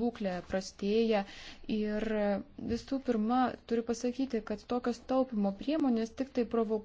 būklė prastėja. Ir visų pirma, turiu pasakyti, kad tokios taupimo priemonės tik tai provokuoja